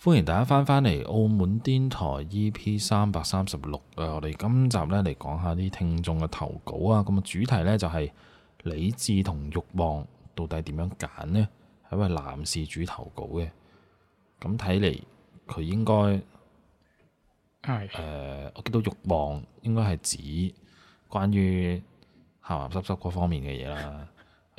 歡迎大家翻返嚟澳門癲台 EP 三百三十六啊！我哋今集咧嚟講下啲聽眾嘅投稿啊！咁啊主題咧就係理智同慾望到底點樣揀呢？係一位男事主投稿嘅，咁睇嚟佢應該係誒，我見到慾望應該係指關於鹹鹹濕濕嗰方面嘅嘢啦。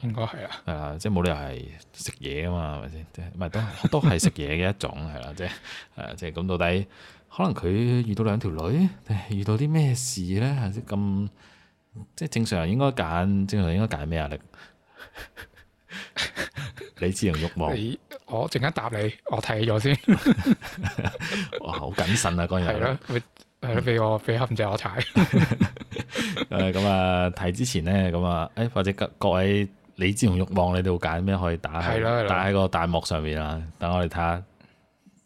應該係啊，係啊，即係冇理由係食嘢啊嘛，係咪先？唔係都都係食嘢嘅一種係啦，即係誒，即係咁到底可能佢遇到兩條女，遇到啲咩事咧？係咁，即係正常應該揀，正常應該揀咩啊？你理智 VS 欲望，我陣間答你，我睇咗先。哇，好謹慎啊！今日係俾我俾黑唔借我踩。誒，咁啊，睇之前咧，咁啊，誒，或者各位。理智同慾望，你哋會揀咩可以打喺打喺個彈幕上面啦？等我哋睇下，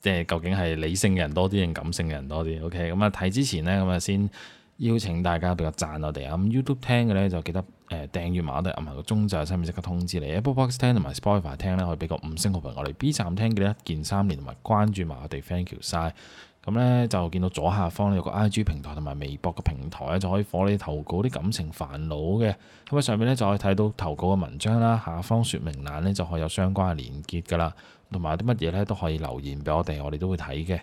即係究竟係理性嘅人多啲定感性嘅人多啲？OK，咁啊睇之前呢，咁啊先邀請大家俾個讚我哋啊！咁 YouTube 聽嘅呢，就記得誒訂閱埋我哋按埋個鐘就係上面即刻通知你啊！Box 聽同埋 Spotify 聽呢，可以俾個五星好評，我哋 B 站聽嘅得一鍵三連同埋關注埋我哋 Thank you 晒。謝謝。咁咧就見到左下方有個 I G 平台同埋微博嘅平台咧，就可以幫你投稿啲感情煩惱嘅。咁啊上面咧就可以睇到投稿嘅文章啦。下方説明欄咧就可以有相關嘅連結噶啦。同埋啲乜嘢咧都可以留言俾我哋，我哋都會睇嘅。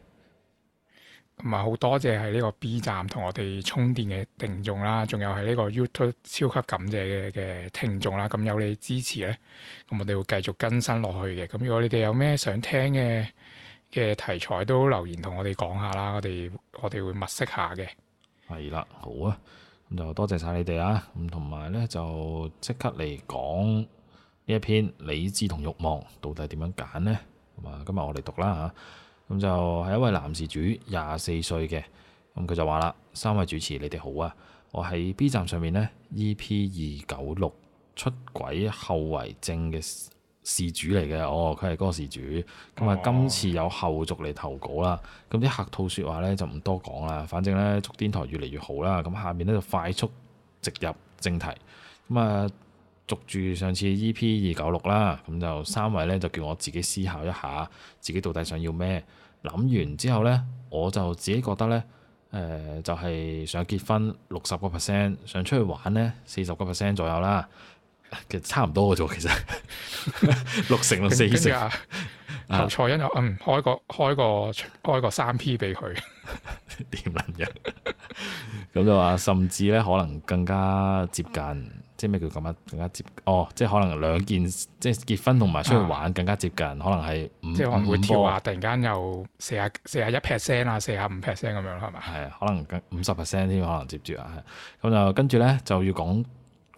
同埋好多謝係呢個 B 站同我哋充電嘅聽眾啦，仲有係呢個 YouTube 超級感謝嘅嘅聽眾啦。咁有你支持咧，咁我哋會繼續更新落去嘅。咁如果你哋有咩想聽嘅嘅題材都留言同我哋講下啦，我哋我哋會物色下嘅。係啦，好啊，咁就多謝晒你哋啊。咁同埋咧就即刻嚟講呢一篇理智同慾望到底點樣揀呢？咁啊，今日我哋讀啦嚇。咁就係一位男事主，廿四歲嘅，咁佢就話啦：三位主持你哋好啊，我喺 B 站上面咧 E P 二九六出軌後遺症嘅。事主嚟嘅，哦，佢係嗰個事主。咁啊噢，今次有後續嚟投稿啦。咁啲客套説話咧就唔多講啦。反正咧，祝癲台越嚟越好啦。咁下面咧就快速直入正題。咁、嗯、啊，續住上次 EP 二九六啦。咁就三位咧就叫我自己思考一下，自己到底想要咩？諗完之後咧，我就自己覺得咧，誒、呃、就係、是、想結婚六十個 percent，想出去玩咧四十個 percent 左右啦。.其實差唔多嘅啫，其實六成六四成。蔡欣又嗯開個開個開個三 P 俾佢，點樣嘅？咁就話甚至咧，可能更加接近，即係咩叫咁樣？更加接哦，即係可能兩件，即係結婚同埋出去玩更加接近，可能係即係可能會跳啊！波突然間又四啊四啊一 percent 啊，四啊五 percent 咁樣係嘛？係可能五十 percent 添，可能接住啊。咁就、嗯嗯嗯、跟住咧就要講。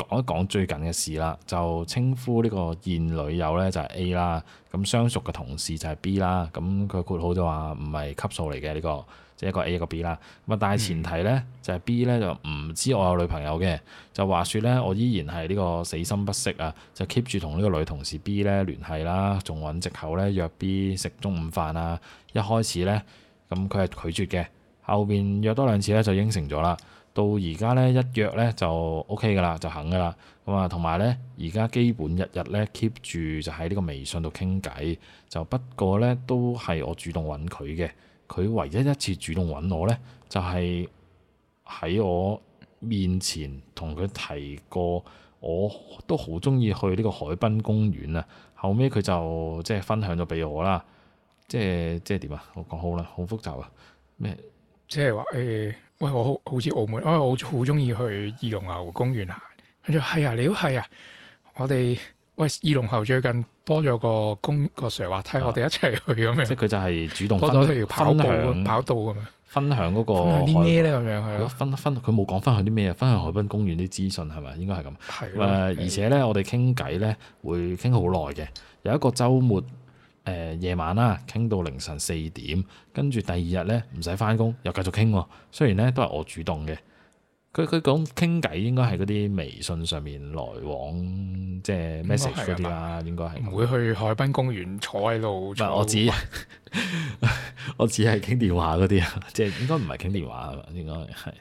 講一講最近嘅事啦，就稱呼呢個現女友咧就係 A 啦，咁相熟嘅同事就係 B 啦，咁佢括號就話唔係級數嚟嘅呢個，即係一個 A 一個 B 啦。咁啊，但係前提咧就係 B 咧就唔知我有女朋友嘅，就話説咧我依然係呢個死心不息啊，就 keep 住同呢個女同事 B 咧聯繫啦，仲揾藉口咧約 B 食中午飯啊。一開始咧咁佢係拒絕嘅，後邊約多兩次咧就應承咗啦。到而家咧一約咧就 O K 噶啦，就行噶啦。咁啊，同埋咧，而家基本日日咧 keep 住就喺呢個微信度傾偈。就不過咧，都係我主動揾佢嘅。佢唯一一次主動揾我咧，就係喺我面前同佢提過，我都好中意去呢個海濱公園啊。後尾佢就即係分享咗俾我啦。即係即係點啊？我講好啦，好複雜啊，咩？即係話誒，喂我好好似澳門，我好好中意去二龍喉公園行。佢就係啊，你都係啊，我哋喂二龍喉最近多咗個公個斜滑梯，啊、我哋一齊去咁樣。即係佢就係主動分，多如跑步分享跑道咁樣，分享嗰個。分享啲咩咧？咁樣係分分佢冇講分享啲咩啊？分享海濱公園啲資訊係咪？應該係咁。係的。誒、呃，而且咧，我哋傾偈咧會傾好耐嘅。有一個週末。誒夜，呃、晚啦，傾到凌晨四點，跟住第二日咧唔使翻工，又繼續傾。雖然咧都係我主動嘅，佢佢講傾偈應該係嗰啲微信上面來往，即係 message 嗰啲啦，應該係。唔會去海濱公園坐喺度，唔係我只 我只係傾電話嗰啲啊，即係應該唔係傾電話係嘛？應該係。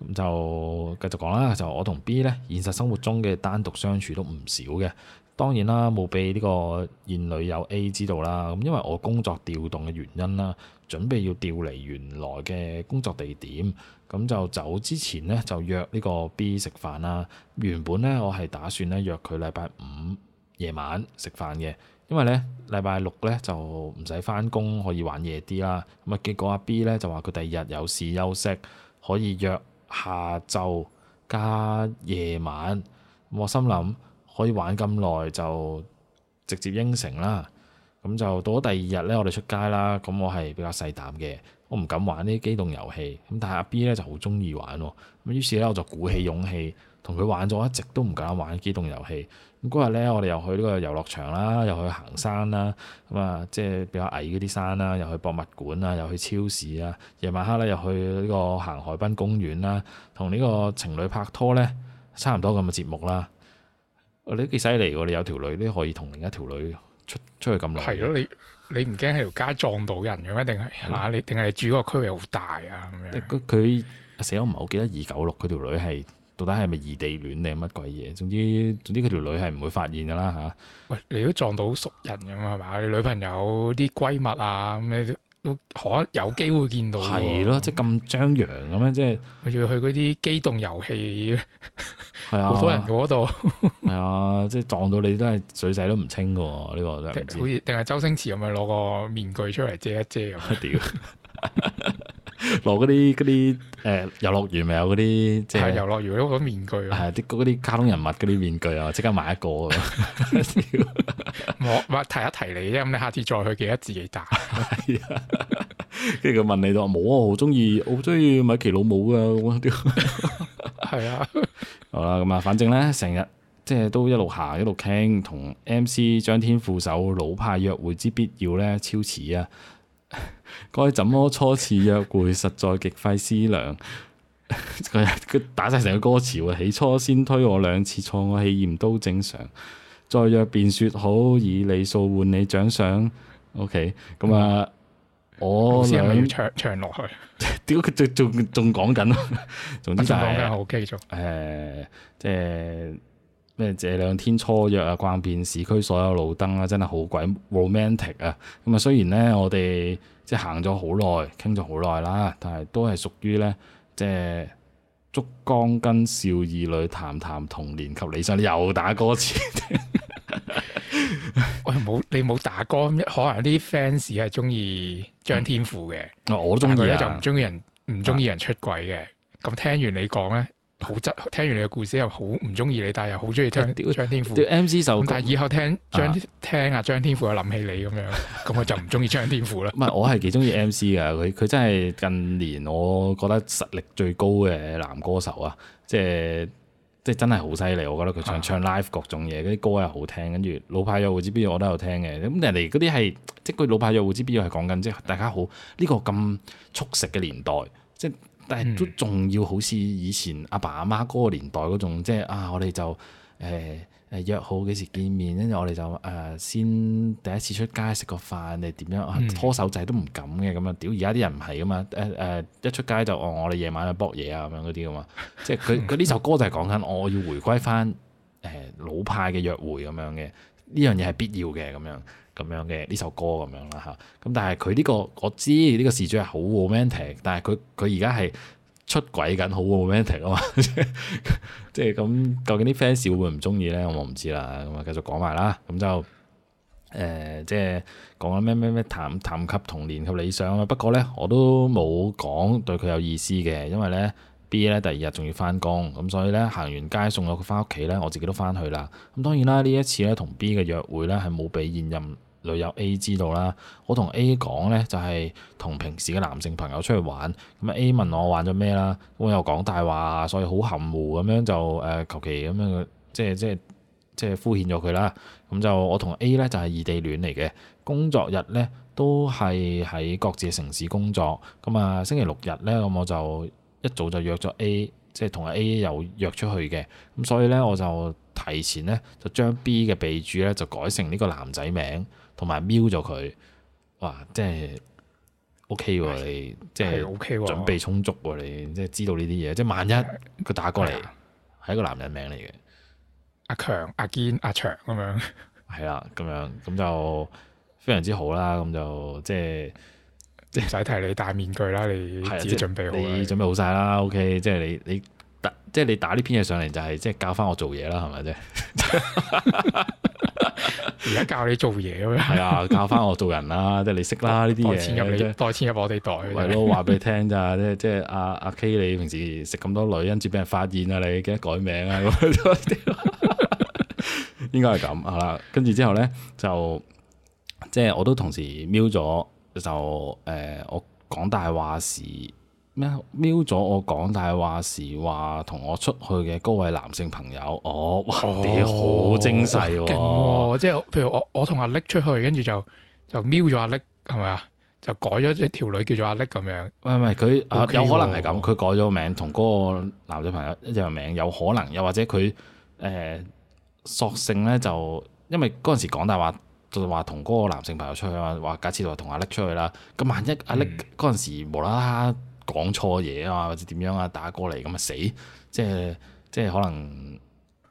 咁就繼續講啦，就我同 B 呢，現實生活中嘅單獨相處都唔少嘅。當然啦，冇俾呢個現女友 A 知道啦。咁因為我工作調動嘅原因啦，準備要調離原來嘅工作地點，咁就走之前呢，就約呢個 B 食飯啦。原本呢，我係打算呢約佢禮拜五夜晚食飯嘅，因為呢禮拜六呢，就唔使翻工，可以玩夜啲啦。咁啊結果阿 B 呢，就話佢第二日有事休息，可以約。下晝加夜晚，我心諗可以玩咁耐，就直接應承啦。咁就到咗第二日咧，我哋出街啦。咁我係比較細膽嘅，我唔敢玩呢啲機動遊戲。咁但係阿 B 咧就好中意玩，咁於是咧我就鼓起勇氣同佢玩咗，一直都唔敢玩機動遊戲。嗰日咧，我哋又去呢個遊樂場啦，又去行山啦，咁、嗯、啊，即係比較矮嗰啲山啦，又去博物館啊，又去超市啊，夜晚黑咧又去呢個行海濱公園啦，同呢個情侶拍拖咧，差唔多咁嘅節目啦。啊、你都幾犀利喎！你有條女你可以同另一條女出出去咁耐？係咯，你你唔驚喺條街撞到人嘅咩？定係嚇？你定係住嗰個區域好大啊？咁樣。佢死，我唔係好記得二九六，佢條女係。到底係咪異地戀定乜鬼嘢？總之總之佢條女係唔會發現噶啦嚇。喂，你都撞到熟人噶嘛係嘛？你女朋友啲閨蜜啊，你都可有機會見到。係咯，即係咁張揚咁樣，即係要去嗰啲機動遊戲，係啊，好多人嗰度。係啊，即係撞到你都係水勢都唔清噶喎，呢、呢個都係。好似定係周星馳咁樣攞個面具出嚟遮一遮咁啊 攞嗰啲嗰啲誒遊樂園咪有嗰啲即係遊樂園，攞面具啊！係啲嗰啲卡通人物嗰啲面具啊，即刻買一個。我咪 提一提你啫，咁你下次再去記得自己帶。係啊，跟住佢問你就話冇啊，好鍾意，好鍾意米奇老母啊！屌，係 啊的，好啦，咁啊，反正咧成日即係都一路行一路傾，同 MC 張天賦首老派約會之必要咧超似啊！該怎麼初次約會實在極費思量。佢 打晒成個歌詞喎，起初先推我兩次，錯我氣焰都正常。再約便說好以禮數換你長相。O K，咁啊，嗯、我嚟唱唱落去。屌佢仲仲仲講緊咯，總之就講緊 O K。仲誒，即係咩？這 兩、OK OK 呃、天初約啊，逛遍市區所有路燈啦，真係好鬼 romantic 啊。咁啊，雖然咧，我哋。即係行咗好耐，傾咗好耐啦，但係都係屬於咧，即係燭光跟少兒女談談童年及理想，又打歌詞。 喂，冇你冇打歌，可能啲 fans 係中意張天賦嘅、嗯。我我都中意啊！就唔中意人唔中意人出軌嘅。咁聽完你講咧。好真，聽完你嘅故事又好唔中意你，但係又好中意聽張天賦。M C 就，但係以後聽張、啊、聽啊張天賦，又諗起你咁樣，咁 我就唔中意張天賦啦。唔係，我係幾中意 M C 噶，佢佢 真係近年我覺得實力最高嘅男歌手啊，即係即係真係好犀利。我覺得佢唱、啊、唱 live 各種嘢，啲歌又好聽。跟住老派約會之必要我都有聽嘅。咁人哋嗰啲係即係佢老派約會之必要係講緊，即係大家好呢、這個咁速食嘅年代，即係。即即即但係都仲要好似以前阿爸阿媽嗰個年代嗰種，即係啊，我哋就誒誒約好幾時見面，跟住我哋就誒先第一次出街食個飯，你點樣啊？拖手仔都唔敢嘅咁樣。屌而家啲人唔係㗎嘛，誒誒一出街就我我哋夜晚去卜嘢啊咁樣嗰啲㗎嘛。即係佢佢呢首歌就係講緊我要回歸翻誒老派嘅約會咁樣嘅，呢樣嘢係必要嘅咁樣。咁樣嘅呢首歌咁樣啦嚇，咁但係佢呢個我知呢個事主係好 romantic，但係佢佢而家係出軌緊好 romantic 啊嘛， 即係咁究竟啲 fans 會唔會唔中意呢？我唔知啦，咁啊繼續講埋啦，咁就誒、呃、即係講緊咩咩咩談談及童年及理想啊。不過呢，我都冇講對佢有意思嘅，因為呢 B 咧第二日仲要翻工，咁所以呢，行完街送咗佢翻屋企呢，我自己都翻去啦。咁當然啦，呢一次呢，同 B 嘅約會呢，係冇俾現任女友 A 知道啦，我同 A 講呢，就係同平時嘅男性朋友出去玩，咁 A 問我玩咗咩啦，我又講大話，所以好含糊咁樣就誒求其咁樣，即係即係即係敷衍咗佢啦。咁就我同 A 呢，就係異地戀嚟嘅，工作日呢，都係喺各自嘅城市工作，咁啊星期六日呢，咁我就一早就約咗 A，即係同阿 A 又約出去嘅，咁所以呢，我就提前呢，就將 B 嘅備註呢，就改成呢個男仔名。同埋瞄咗佢，哇！即係 O K 喎，是你即係 O K 準備充足喎，是你即係知道呢啲嘢。是即係萬一佢打過嚟，係、啊、一個男人名嚟嘅，阿強、阿堅、阿祥咁樣，係啦，咁樣咁就非常之好啦。咁就即係即係使提你戴面具啦，你自己準備好，啊、準備好晒啦。嗯、o、OK, K，即係你你，你，即你打，即係你打呢篇嘢上嚟就係、是、即係教返我做嘢啦，係咪啫？ 而家教你做嘢咁啊？係 啊，教翻我做人啦， 即係你識啦呢啲嘢。代 錢入你，代錢入我哋袋。係咯， 話俾你聽咋？即係即係阿阿 K，你平時食咁多女，跟住俾人發現啊！你記得改名啊？咁啊， 應該係咁係啦。跟住之後咧，就即係我都同時瞄咗，就誒、呃，我講大話時。咩？瞄咗我講大話時，話同我出去嘅嗰位男性朋友，我、哦、哇屌，好噢精細喎、哦！哦、即係譬如我，我同阿力出去，跟住就就瞄咗阿力，係咪啊？就改咗一條女叫做阿力咁樣。唔係唔係，佢、哦啊、有可能係咁，佢改咗個名，同嗰個男性朋友一樣名，有可能又或者佢誒、呃、索性咧，就因為嗰陣時講大話，就話同嗰個男性朋友出去啊，話假設就同阿力出去啦。咁萬一阿力嗰陣、嗯、時無啦啦。講錯嘢啊，或者點樣啊，打過嚟咁啊死！即係即係可能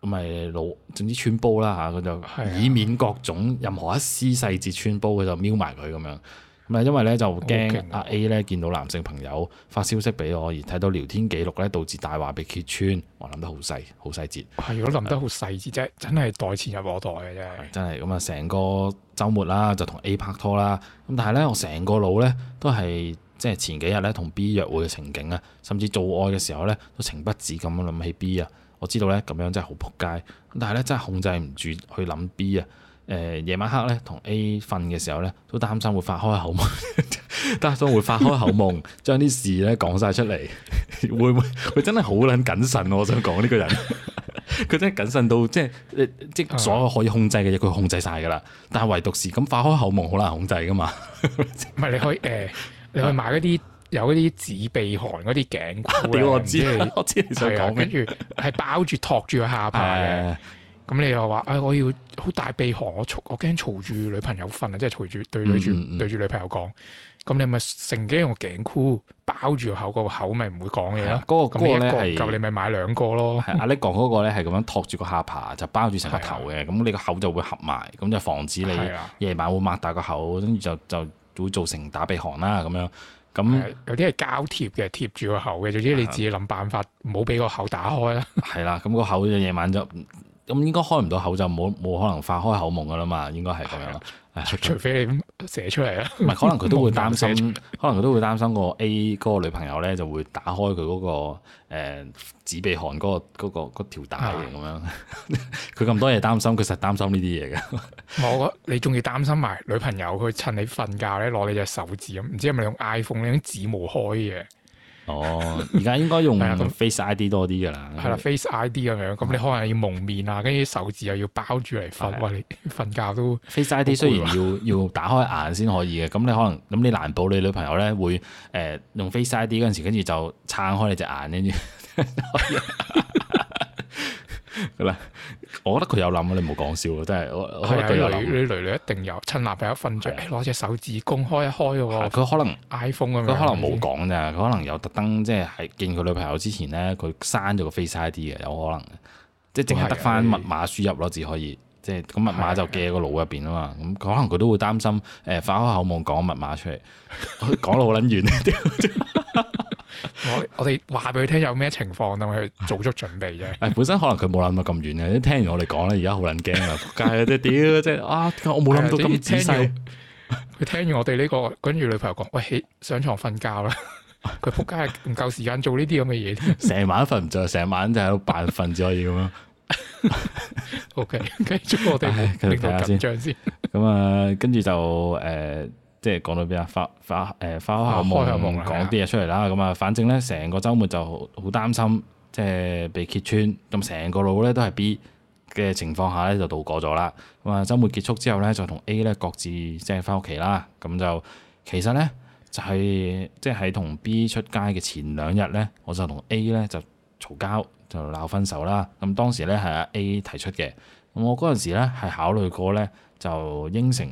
咁咪、就是、老，總之穿煲啦嚇，佢、啊、就以免各種任何一絲細節穿煲，佢就瞄埋佢咁樣。咁啊，因為咧就驚阿 A 咧見到男性朋友發消息俾我，而睇到聊天記錄咧，導致大話被揭穿。我諗得好細，好細節。係，如果諗得好細節啫、啊，真係袋錢入我袋嘅啫。真係咁啊，成個周末啦，就同 A 拍拖啦。咁但係咧，我成個腦咧都係。即係前幾日咧同 B 約會嘅情景啊，甚至做愛嘅時候咧都情不自禁咁諗起 B 啊。我知道咧咁樣真係好撲街，但係咧真係控制唔住去諗 B 啊、呃。誒，夜晚黑咧同 A 瞓嘅時候咧都擔心會發開口夢，擔 心會發開口夢，將啲 事咧講晒出嚟。會唔會，佢真係好捻謹慎，我想講呢個人，佢 真係謹慎到即係，即，即所有可以控制嘅嘢，佢控制晒噶啦。但係唯獨是咁發開口夢好難控制噶嘛。唔 係你可以誒。Uh 你去買嗰啲有嗰啲紙鼻鼾嗰啲頸箍，屌我知我知你想講，跟住係包住托住個下巴嘅。咁你又話，唉，我要好大鼻鼾，我嘈，我驚嘈住女朋友瞓啊！即係嘈住對住對住女朋友講。咁你咪乘機用個頸箍包住個口，個口咪唔會講嘢咯。嗰個嗰咧係，咁你咪買兩個咯。阿力講嗰個咧係咁樣托住個下巴，就包住成個頭嘅。咁你個口就會合埋，咁就防止你夜晚會擘大個口，跟住就就。會造成打鼻鼾啦，咁樣咁有啲係膠貼嘅，貼住個口嘅，總之你自己諗辦法，唔好俾個口打開啦。係啦，咁個口夜晚就咁應該開唔到口，就冇冇可能發開口夢㗎喇嘛，應該係咁樣。除除非你。寫出嚟啦！唔係，可能佢都會擔心，可能佢都會擔心個 A 嗰個女朋友咧就會打開佢嗰、嗰個誒紙、呃、鼻鼾嗰、嗰個嗰、嗰個條帶嘅咁樣。佢咁的 多嘢擔心，佢實擔心呢啲嘢嘅。 我覺得你仲要擔心埋女朋友佢趁你瞓覺咧攞你隻手指咁，唔知係咪用 iPhone 咧指模開嘅？哦，而家應該用 face ID 多啲噶啦，係啦的的，face ID 咁樣，咁的你可能要蒙面啊，跟住的手指又要包住嚟瞓，你的，瞓覺都 face ID 雖然要 要打開眼先可以嘅，咁你可能咁你難保你女朋友咧會誒、呃、用 face ID 嗰陣時，跟住就撐開你隻眼咧，你。 啦， 我覺得佢有諗啊！你唔好講笑，真係我。係啊，女女女女一定有，趁男朋友瞓着，攞隻的、哎、手指公開一開嘅喎。佢可能 iPhone 啊，佢可能冇講咋，佢可能有特登，即係係見佢女朋友之前咧，佢刪咗個 Face ID 嘅，有可能，即係淨係得翻密碼輸入咯，至可以，即係咁密碼就記喺個腦入邊啊嘛。咁佢的、嗯、可能佢都會擔心，誒、欸，發開口夢講密碼出嚟，講到好捻遠。我我哋話俾佢聽有咩情況，令佢做足準備啫。誒、哎，本身可能佢冇諗到咁遠嘅，聽完我哋講咧，而家好撚驚啊！仆街，啲屌即係啊！就是、我冇諗到咁仔細。佢聽完我哋呢個，跟住女朋友講：，喂，起上床瞓覺啦！佢仆街，唔夠時間做呢啲咁嘅嘢，成晚瞓唔着，成 晚就喺度扮瞓住可以咁樣。O K，繼續我哋緊張先。咁啊，跟住就誒。呃 即係講到邊啊？發發誒發開口夢講啲嘢出嚟啦，咁啊的，反正咧成個周末就好擔心，即係被揭穿，咁成個腦咧都係 B 嘅情況下咧就度過咗啦。咁啊，周末結束之後咧就同 A 咧各自即係翻屋企啦。咁就其實咧就係即係喺同 B 出街嘅前兩日咧，我就同 A 咧就嘈交就鬧分手啦。咁當時咧係阿 A 提出嘅，咁我嗰陣時咧係考慮過咧就應承。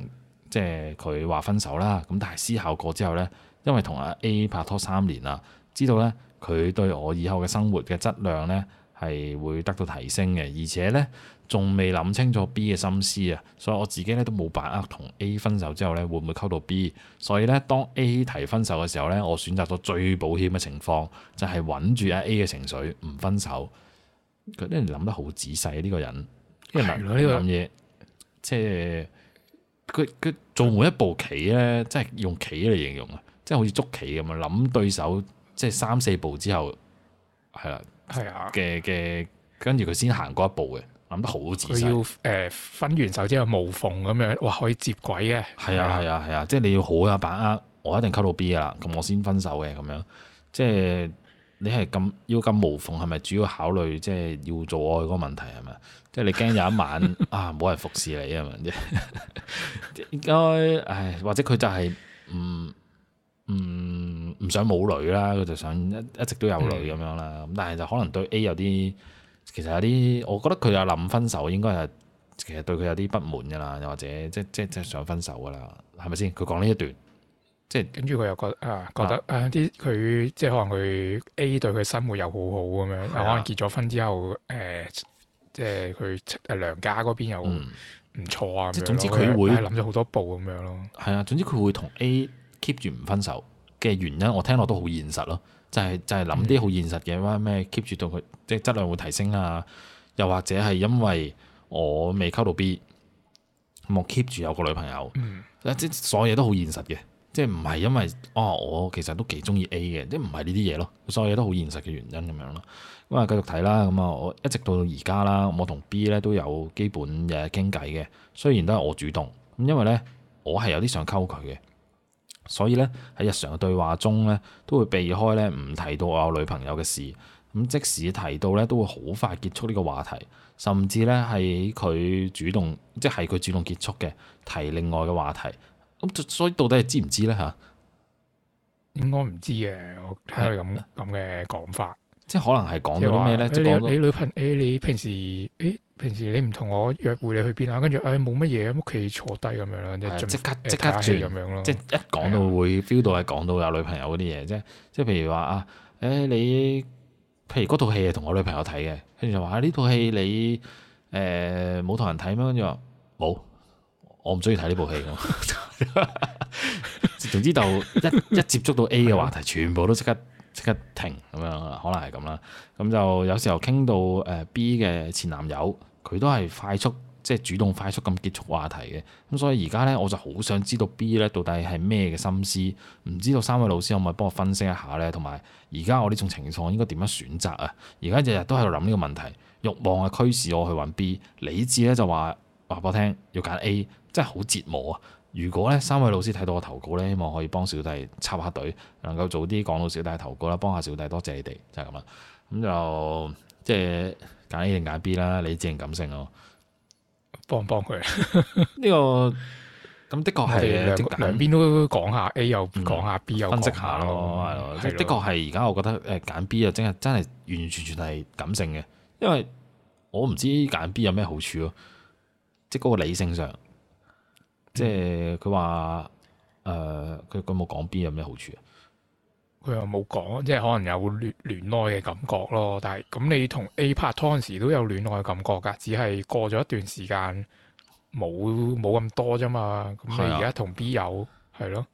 即係佢話分手啦，咁但係思考過之後呢，因為同阿 A 拍拖三年啦，知道呢，佢對我以後嘅生活嘅質量呢係會得到提升嘅，而且呢，仲未諗清楚 B 嘅心思啊，所以我自己呢都冇把握同 A 分手之後呢會唔會溝到 B，所以呢，當 A 提分手嘅時候呢，我選擇咗最保險嘅情況，就係穩住阿 A 嘅情緒唔分手。佢真係諗得好仔細呢個人，呢個諗嘢，即係。是佢佢做每一步棋咧，即係用棋嚟形容啊，即係好似捉棋咁啊，諗對手即係三四步之後，係啦，係啊嘅嘅，跟住佢先行過一步嘅，諗得好仔細。佢要誒、呃、分完手之後無縫咁樣，哇，可以接軌嘅。係啊係啊係啊，即係你要好有把握，我一定溝到 B 啊，咁我先分手嘅咁樣，即係。嗯你係咁腰間無縫，係咪主要考慮，即係要做愛嗰個問題係咪？即係你驚有一晚 啊冇人服侍你啊嘛？ 應該唉、哎，或者佢就係唔唔唔想冇女啦，佢就想一一直都有女咁樣啦。咁、嗯、但係就可能對 A 有啲其實有啲，我覺得佢又諗分手，應該係其實對佢有啲不滿噶啦，又或者即即即想分手噶啦，係咪先？佢講呢一段。即係跟住佢又覺得啊，覺得誒啲佢即係可能佢 A 對佢生活又好好咁樣，又、啊啊、可能結咗婚之後誒、呃，即係佢誒娘家嗰邊又唔錯啊。即、嗯、總之佢會諗咗好多步咁樣咯。係啊、嗯，總之佢會同 A keep 住唔分手嘅原因，我聽落都好現實咯。就係、是、就係諗啲好現實嘅，話咩 keep 住到佢即係質量會提升啊，又或者係因為我未溝到 B，冇 keep 住有個女朋友，即所有嘢都好現實嘅。即係唔係因為哦，我其實都幾中意 A 嘅，即唔係呢啲嘢咯，所有嘢都好現實嘅原因咁樣咯。咁、嗯、啊，繼續睇啦，咁、嗯、啊，我一直到而家啦，我同 B 咧都有基本嘅傾偈嘅，雖然都係我主動，咁、嗯、因為咧我係有啲想溝佢嘅，所以咧喺日常嘅對話中咧都會避開咧唔提到我有女朋友嘅事，咁、嗯、即使提到咧都會好快結束呢個話題，甚至咧係佢主動，即係佢主動結束嘅，提另外嘅話題。咁所以到底係知唔知咧嚇？應該唔知嘅，我睇下佢咁咁嘅講法，即係可能係講咗啲咩咧？即你女朋友，哎、你平時，哎，平時你唔同我約會你、哎，你去邊啊？跟住哎冇乜嘢，屋企坐低咁樣啦，即即刻即刻轉咁樣咯。即係一講到會 feel 到係講到有女朋友嗰啲嘢啫。的即係譬如話啊，哎你，譬如嗰套戲係同我女朋友睇嘅，跟住就話呢套戲你誒冇同人睇咩？跟住話冇。我唔中意睇呢部戲，總之就一一接觸到 A 嘅話題，的全部都即刻即刻停咁樣，可能係咁啦。咁就有時候傾到誒 B 嘅前男友，佢都係快速即係、就是、主動快速咁結束話題嘅。咁所以而家呢，我就好想知道 B 呢到底係咩嘅心思？唔知道三位老師可唔可以幫我分析一下呢？同埋而家我呢種情況應該點樣選擇啊？而家日日都喺度諗呢個問題，欲望係驅使我去揾 B，理智呢就話話俾我聽要揀 A。真係好折磨啊！如果咧三位老師睇到我投稿咧，希望可以幫小弟插下隊，能夠早啲講到小弟嘅投稿啦，幫下小弟，多謝你哋，就係咁啦。咁就即係揀 A 定揀 B 啦，你自然感性咯。幫唔幫佢？呢、 呢個咁的確係兩邊都講下、嗯、講下 A 又講下 B 又下、嗯、分析下咯，係樣的確係而家我覺得誒揀 B 又真係真係完完全全係感性嘅，因為我唔知揀 B 有咩好處咯，即係嗰個理性上。即係佢話誒，佢佢冇講 B 有咩好處啊？佢又冇講，即係可能有戀戀愛嘅感覺咯。但係咁你同 A 拍拖嗰陣時都有戀愛嘅感覺噶，只係過咗一段時間冇冇咁多啫嘛。咁你而家同 B 有係咯，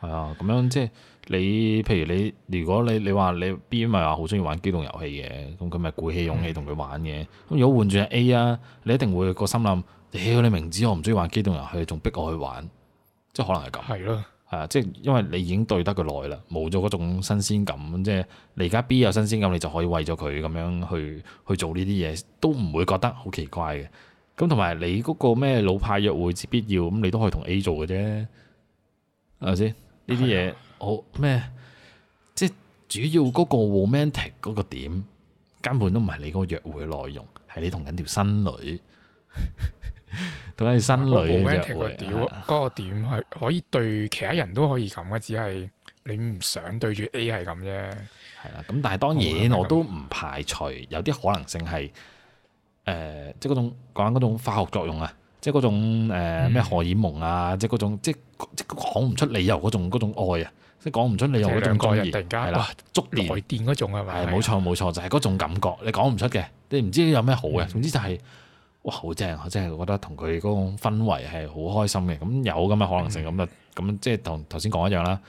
係啊。咁、啊啊、樣即係你，譬如你如果你你話你，你 B 咪話好中意玩機動遊戲嘅，咁佢咪鼓起勇氣同佢玩嘅。咁、嗯、如果換轉係 A 啊，你一定會個心諗。屌、哎、你明知我唔中意玩機動遊戲，佢仲逼我去玩，即係可能係咁。係咯的，係啊，即係因為你已經對得佢耐啦，冇咗嗰種新鮮感，即係你而家 B 有新鮮感，你就可以為咗佢咁樣去去做呢啲嘢，都唔會覺得好奇怪嘅。咁同埋你嗰個咩老派約會之必要，咁你都可以同 A 做嘅啫，係、啊、咪先？呢啲嘢，好的，咩？即係主要嗰個 romantic 嗰個點，根本都唔係你個約會嘅內容，係你同緊條新女。 到 都係新女啫。個點，嗰個點係可以對其他人都可以咁嘅，的只係你唔想對住 A 係咁啫。係啦，咁但係當然我都唔排除有啲可能性係誒、呃，即係嗰種講緊嗰種化學作用啊，即係嗰種誒咩荷爾蒙啊，嗯、即係嗰種即係即講唔出理由嗰種嗰種愛啊，即係講唔出理由嗰種愛。突然間哇，觸電、來電嗰種係咪？係冇錯冇錯，就係、是、嗰種感覺，你講唔出嘅，你唔知有咩好嘅。總之就係、是。好正！我真係覺得同佢嗰種氛圍係好開心嘅。咁有咁嘅可能性，咁啊，咁即係同頭先講一樣啦。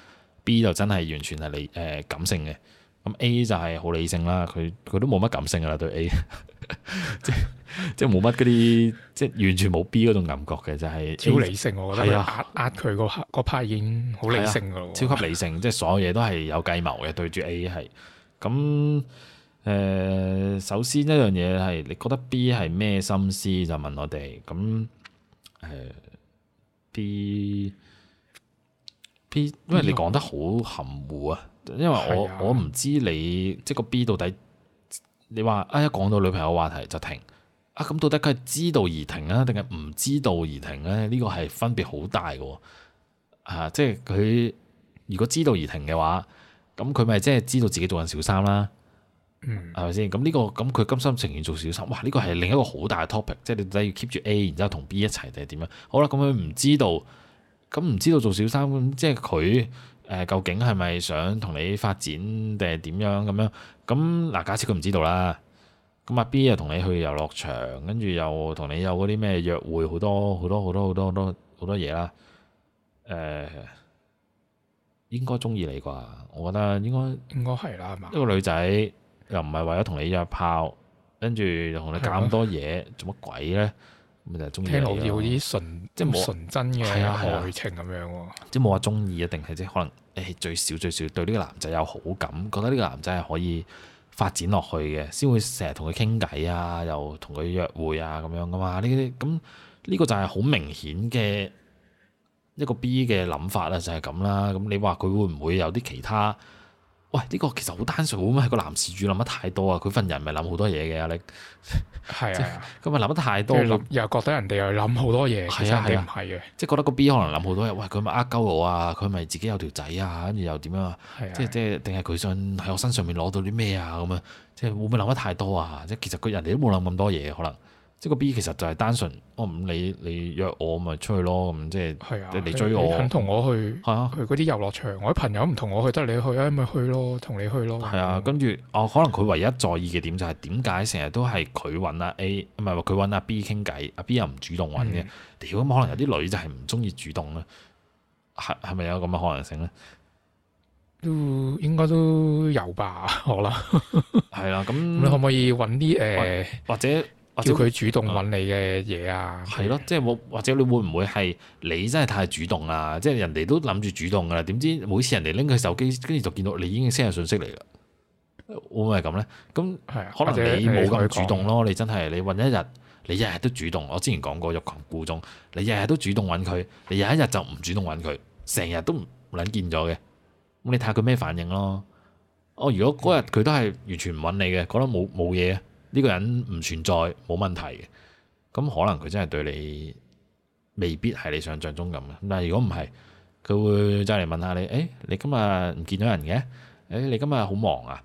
B 就真係完全係理誒、呃、感性嘅，咁 A 就係好理性啦。佢佢都冇乜感性噶啦，對 A， 即即係冇乜嗰啲，即係完全冇 B 嗰種感覺嘅，就係、是、超理性。我覺得壓壓佢個、那個派已經好理性噶咯、啊，超級理性， 即係所有嘢都係有計謀嘅。對住 A 係咁。誒、呃，首先一樣嘢係，你覺得 B 係咩心思就問我哋。咁誒、呃、B B, B 因為你講得好含糊啊。嗯、因為我、啊、我唔知你即係個 B 到底，你話啊一講到女朋友話題就停啊。咁到底佢係知道而停啊，定係唔知道而停咧、啊？呢、這個係分別好大嘅、啊。啊，即係佢如果知道而停嘅話，咁佢咪即係知道自己做緊小三啦？嗯，嗯，係咪先？咁呢、這個咁佢甘心情願做小三，哇！呢個係另一個好大嘅 topic，即係你底要 keep 住 A，然之後同 B 一齊定係點樣？好啦，咁佢唔知道，咁、嗯、唔知道做小三咁，即係佢誒，究竟係咪想同你發展定係點樣咁樣？咁嗱、嗯，假設佢唔知道啦，咁、嗯、啊 B 又同你去遊樂場，跟住又同你有嗰啲咩約會，好多好多好多好多好多好多嘢啦。誒、呃，應該中意你啩？我覺得應該應該係啦，係嘛？一個女仔。又唔係為咗同你約炮，跟住又同你搞咁多嘢，啊、做乜鬼呢？咁就係中意聽老調即係冇純真嘅愛情咁樣喎。即係冇話中意啊，定係、啊、即可能誒、哎、最少最少對呢個男仔有好感，覺得呢個男仔係可以發展落去嘅，先會成日同佢傾偈啊，又同佢約會啊咁樣噶嘛。呢啲咁呢個就係好明顯嘅一個 B 嘅諗法，就是、啦，就係咁啦。咁你話佢會唔會有啲其他？喂，呢個其實好單純，會唔會係個男事主諗得太多啊？佢份人咪諗好多嘢嘅，你係啊？咁咪諗得太多，他又覺得人哋又諗好多嘢，係啊係啊，啊啊即係覺得個 B 可能諗好多嘢。喂，佢咪呃鳩我啊？佢咪自己有條仔啊？跟住又點樣啊？即係即係，定係佢想喺我身上面攞到啲咩啊？咁樣即係會唔會諗得太多啊？即係其實佢人哋都冇諗咁多嘢，可能。即係個 B 其實就係單純，哦，咁你你約我咪出去咯，咁即係、啊、你追我，你肯同我去，係啊，去嗰啲遊樂場，我啲朋友唔同我去，得你去啊，咪、哎、去咯，同你去咯。係啊，跟住哦，可能佢唯一在意嘅點就係點解成日都係佢搵阿 A，唔係佢搵阿 B 傾偈，阿 B 又唔主動搵嘅，屌咁、嗯、可能有啲女就係唔中意主動啦，係咪有咁嘅可能性呢？都應該都有吧，可能。係 啦、啊。咁 你可唔可以搵啲誒或者？叫佢主動揾你嘅嘢啊，係咯、啊，即係我或者你會唔會係你真係太主動啦？即係的人哋都諗住主動嘅啦，點知每次人哋拎佢手機，跟住就見到你已經 send 信息嚟啦？會唔會係咁咧？咁的可能你冇咁主動咯，你真係你揾一日，你日日都主動。我之前講過欲擒故縱，你日日都主動揾佢，你日一日就唔主動揾佢，成日都唔撚見咗嘅，咁你睇下佢咩反應咯。哦，如果嗰日佢都係完全唔揾你嘅，覺得冇冇嘢。呢個人唔存在冇問題嘅，咁可能佢真係對你未必係你想象中咁嘅。但係如果唔係，佢會再嚟問下你：誒，你今日唔見咗人嘅？誒，你今日好忙啊？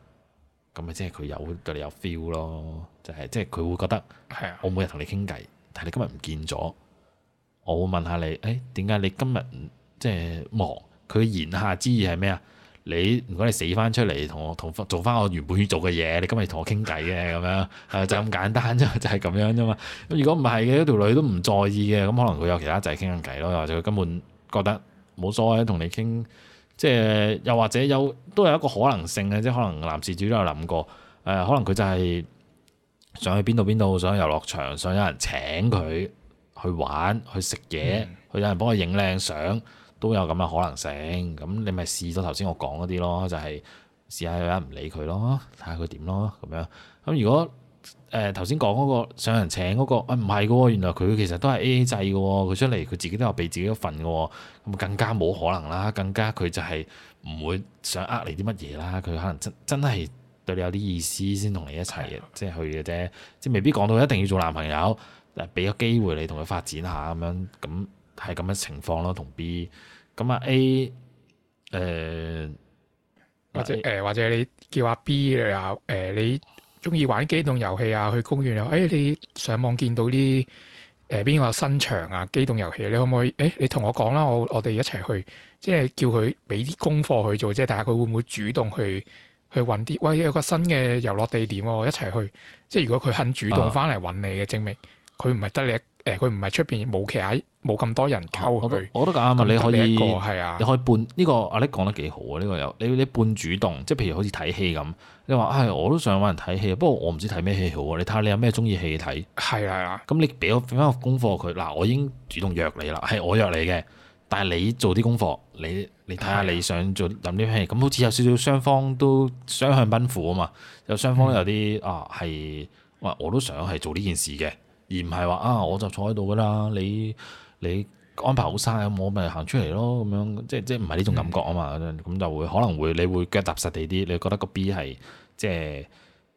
咁咪即係佢有對你有 feel 咯，就係、是、即係佢會覺得係啊。的我每日同你傾偈，但係你今日唔見咗，我會問下你：誒，點解你今日即係忙？佢言下之意係咩啊？你如果你死翻出嚟，同我同做翻我原本要做嘅嘢，你今日同我傾偈嘅咁樣，係 就咁簡單啫，就係、是、咁樣啫嘛。咁如果唔係嘅，嗰條女都唔在意嘅，咁可能佢有其他仔傾緊偈咯，或者佢根本覺得冇所謂同你傾，即係又或者有都有一個可能性嘅，即係可能男事主都有諗過，誒、呃、可能佢就係想去邊度邊度，想去遊樂場，想有人請佢去玩去食嘢，嗯、去有人幫佢影靚相。都有咁嘅可能性，咁你咪試咗頭先我講嗰啲咯，就係試下有人唔理佢咯，睇下佢點咯，咁樣。咁如果誒頭先講嗰個上人請嗰個，唔係嘅喎，原來佢其實都係 AA 制嘅喎，佢出嚟佢自己都有俾自己一份嘅喎，咁更加冇可能啦，更加佢就係唔會想呃你啲乜嘢啦，佢可能真真係對你有啲意思先同你一齊嘅，即係去嘅啫，即係未必講到一定要做男朋友，誒俾個機會你同佢發展下咁樣咁。係咁嘅情況咯，同 B 咁啊 A，誒、呃、或者誒、呃、或者你叫阿 B 啊誒、呃，你中意玩機動遊戲啊？去公園啊？誒你、欸、你上網見到啲誒邊個新場啊？機動遊戲你可唔可以？誒、欸、你同我講啦，我我哋一齊去，即係叫佢俾啲功課佢做，即係但係佢會唔會主動去去揾啲？喂，有個新嘅遊樂地點，我一齊去。即係如果佢肯主動翻嚟揾你嘅，啊、證明佢唔係得你一誒佢唔係出邊冇其他冇咁多人溝，嗯、它我都覺得啱啊！你可以，係是啊，你可以半呢、這個阿叻講得幾好啊！呢、這個有你你半主動，即係譬如好似睇戲咁，你話唉、哎，我都想揾人睇戲，不過我唔知睇咩戲好啊！你睇下你有咩中意戲睇？係是啊係啊，咁你俾我俾翻個功課佢嗱，我已經主動約你啦，係我約你嘅，但係你做啲功課，你你睇下你想做諗啲咩戲，咁是、啊、好似有少少雙方都雙向奔赴啊嘛，有雙方有啲、嗯、啊係，哇我都想係做呢件事嘅。而唔係話啊，我就坐喺度噶啦，你你安排好晒，咁，我咪行出嚟咯，咁樣即係即係唔係呢種感覺啊嘛，咁、嗯、就會可能會你會腳踏實地啲，你覺得個 B 係即係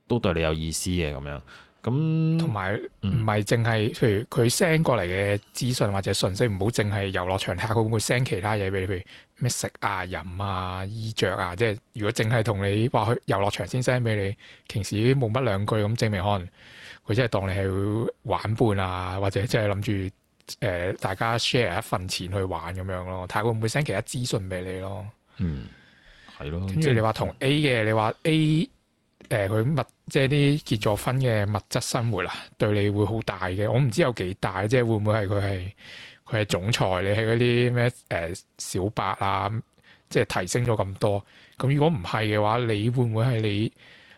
都對你有意思嘅咁樣，咁同埋唔係淨係譬如佢 send 過嚟嘅資訊或者訊息，唔好淨係遊樂場，睇下佢會唔會 send 其他嘢俾你，譬如咩食啊、飲啊、衣着啊，即係如果淨係同你話去遊樂場先 send 俾你，平時冇乜兩句咁證明可能。佢真係當你係玩伴啊，或者即係諗住誒，大家 share 一份錢去玩咁樣咯。睇下會唔會 send 其他資訊俾你咯。嗯，係咯、呃。即係你話同 A 嘅，你話 A 誒佢物即係啲結咗婚嘅物質生活啊，對你會好大嘅。我唔知有幾大，即係會唔會係佢係佢係總裁，你係嗰啲咩誒小白啊，即係提升咗咁多。咁如果唔係嘅話，你會唔會係你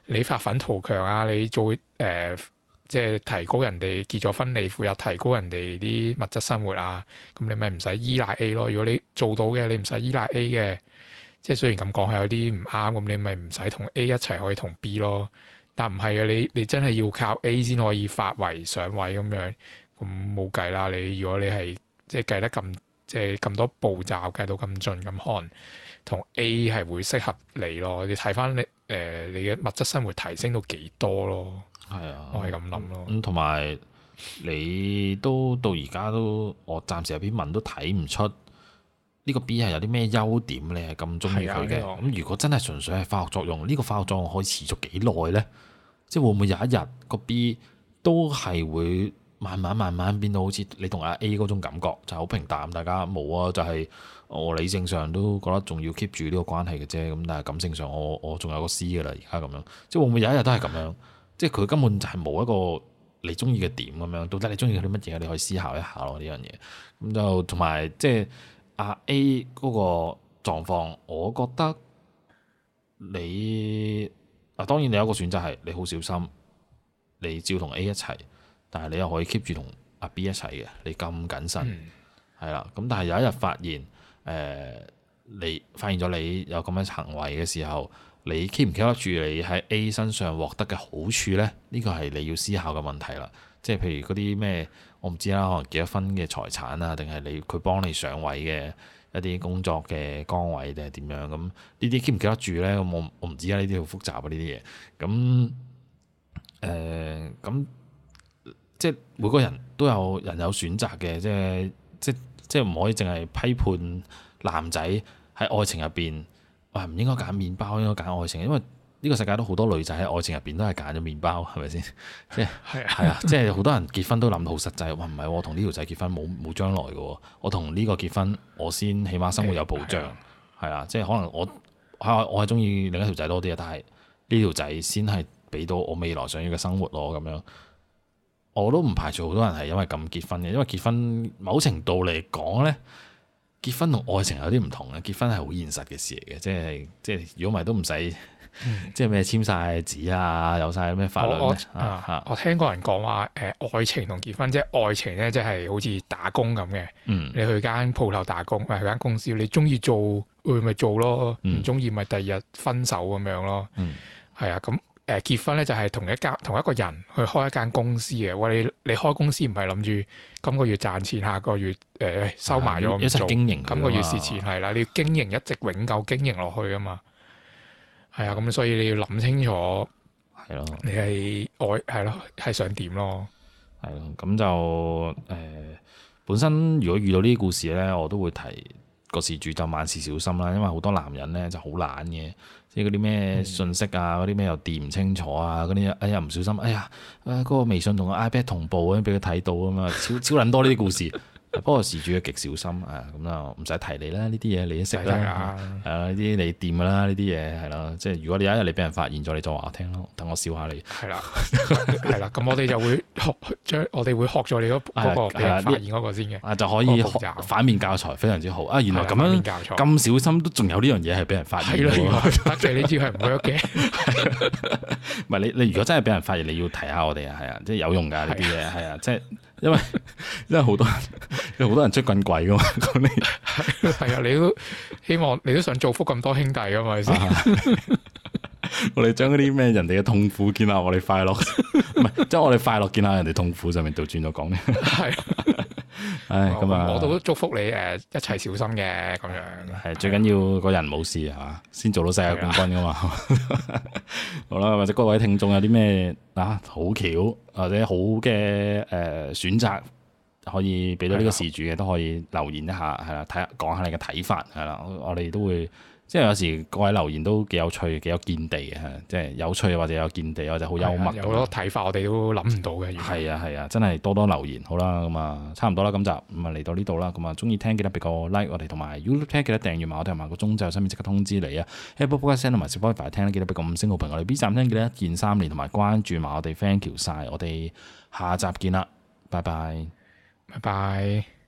你發奮圖強啊？你做誒？呃即係提高人哋結咗婚你，或者提高人哋啲物質生活啊，咁你咪唔使依賴 A 咯。如果你做到嘅，你唔使依賴 A 嘅，即係雖然咁講係有啲唔啱，咁你咪唔使同 A 一齊可以同 B 咯。但唔係啊，你你真係要靠 A 先可以發圍上位咁樣，咁冇計啦。你如果你係即係計得咁即係咁多步驟計到咁盡咁，可能同 A 係會適合你咯。你睇返，呃，你誒你嘅物質生活提升到幾多咯？係啊，我係咁諗咯。咁同埋你都到而家都，我暫時有篇文都睇唔出呢個 B 係有啲咩優點，你係咁中意佢嘅。咁、啊啊、如果真係純粹係化學作用，呢、呢個化學作用可以持續幾耐呢？即係會唔會有一日個 B 都係會慢慢慢慢變到好似你同阿 A 嗰種感覺，就好、係、平淡，大家冇啊？就係、係、我理性上都覺得仲要 keep 住呢個關係嘅啫。咁但係感性上我，我我仲有個 C 噶啦，而家咁樣，即係會唔會有一日都係咁樣？ 即係佢根本就係冇一個你中意嘅點咁樣，到底你中意佢啲乜嘢？你可以思考一下咯，呢樣嘢咁就同埋即係阿 A 嗰個狀況，我覺得你啊，當然你有一個選擇係你好小心，你照同 A 一齊，但係你又可以 keep 住同阿 B 一齊嘅，你咁謹慎係啦。咁、嗯、但係有一日發現誒、呃，你發現咗你有咁樣行為嘅時候。你記唔記得住你喺 A 身上獲得嘅好處呢？呢個係你要思考嘅問題啦。即係譬如嗰啲咩，我唔知啦，可能幾多分嘅財產啊，定係你佢幫你上位嘅一啲工作嘅崗位定係點樣？咁呢啲記唔記得住呢？咁我我唔知啦。呢啲好複雜嘅呢啲嘢。咁誒，咁、呃、即係每個人都有人有選擇嘅，即係即即係唔可以淨係批判男仔喺愛情入邊。唔應該揀麪包，應該揀愛情，因為呢個世界都好多女仔喺愛情入邊都係揀咗麪包，係咪先？即係係啊，即係好多人結婚都諗到好實際。哇！唔係我同呢條仔結婚冇冇將來嘅、啊，我同呢個結婚，我先起碼生活有保障。係 啊，即、就、係、是、可能我我我係中意另一條仔多啲啊，但係呢條仔先係俾到我未來想要嘅生活咯、啊。咁樣我都唔排除好多人係因為咁結婚嘅，因為結婚某程度嚟講呢。結婚同愛情有啲唔同嘅，結婚係好現實嘅事嚟嘅，即係即係如果唔係都唔使，即係咩籤晒紙啊，有晒咩法律，我聽個人講話，誒、呃、愛情同結婚即係愛情咧，即係好似打工咁嘅，嗯、你去間鋪頭打工，唔去間公司，你中意做，佢咪做咯，唔中意咪第二日分手咁樣咯，係、嗯嗯、啊咁。嗯。誒結婚咧就係、是、同一間同一個人去開一間公司嘅，喂，你，你開公司唔係諗住今個月賺錢，下個月誒收埋咗一經營，今個月，錢今個月前蝕錢係啦，你要經營一直永久經營落去啊嘛，係啊，咁所以你要諗清楚，係咯的，你係愛係咯，係想點咯，係咯，咁就誒、呃、本身如果遇到呢啲故事咧，我都會提個事主就萬事小心啦，因為好多男人咧就好懶嘅。嗰啲咩信息啊，嗰啲咩又掂唔清楚啊，嗰啲哎呀唔小心，哎呀啊嗰個微信同個 iPad 同步啊，俾佢睇到啊嘛，超超撚多呢啲故事。 不過事主佢極小心啊，咁啊唔使提你啦，呢啲嘢你都識得啦，係啦呢啲你掂噶啦，呢啲嘢係咯，即係如果你有一日你俾人發現咗，你再話我聽咯，等我笑下你。係啦，係啦，咁我哋就會學我哋會學咗你嗰嗰個俾人發現嗰個先嘅，就可以學反面教材，非常之好啊！原來咁樣咁小心都仲有呢樣嘢係俾人發現。係啦，多謝你知係唔會喐嘅。唔係你你如果真係俾人發現，你要提下我哋啊，係啊，即係有用㗎呢啲嘢，係啊，即係。 因為因為好多人有 好多人出緊軌噶嘛，咁你係啊，你都希望你都想造福咁多兄弟噶嘛， 其實我哋將嗰啲咩人哋嘅痛苦見， 見下我哋快樂，唔係將我哋快樂，見下人哋痛苦上，上面倒轉咗講咧，係。唉，咁啊，我都祝福你誒，一齊小心嘅咁樣。係最緊要個人冇事係先做到世界冠軍噶嘛。好啦，或者各位聽眾有啲咩啊好巧或者好嘅誒、呃、選擇，可以俾到呢個事主嘅都可以留言一下係啦，睇講下你嘅睇法係啦，我我哋都會。即係有時各位留言都幾有趣、幾有見地嘅，即係有趣或者有見地或者好幽默，好啊，有好多睇法我哋都諗唔到嘅。係啊係啊，真係多多留言好啦，咁啊差唔多啦，今集咁啊嚟到呢度啦，咁啊中意聽記得俾個 like，我哋同埋 YouTube 聽記得訂閱埋我哋同埋個鐘就先即刻通知你啊，Apple Podcast 同埋 Spotify 聽記得俾個五星好評，我哋 B 站聽記得一鍵三連同埋關注埋我哋 thank you 晒。我哋下集見啦，拜拜，拜拜。拜拜。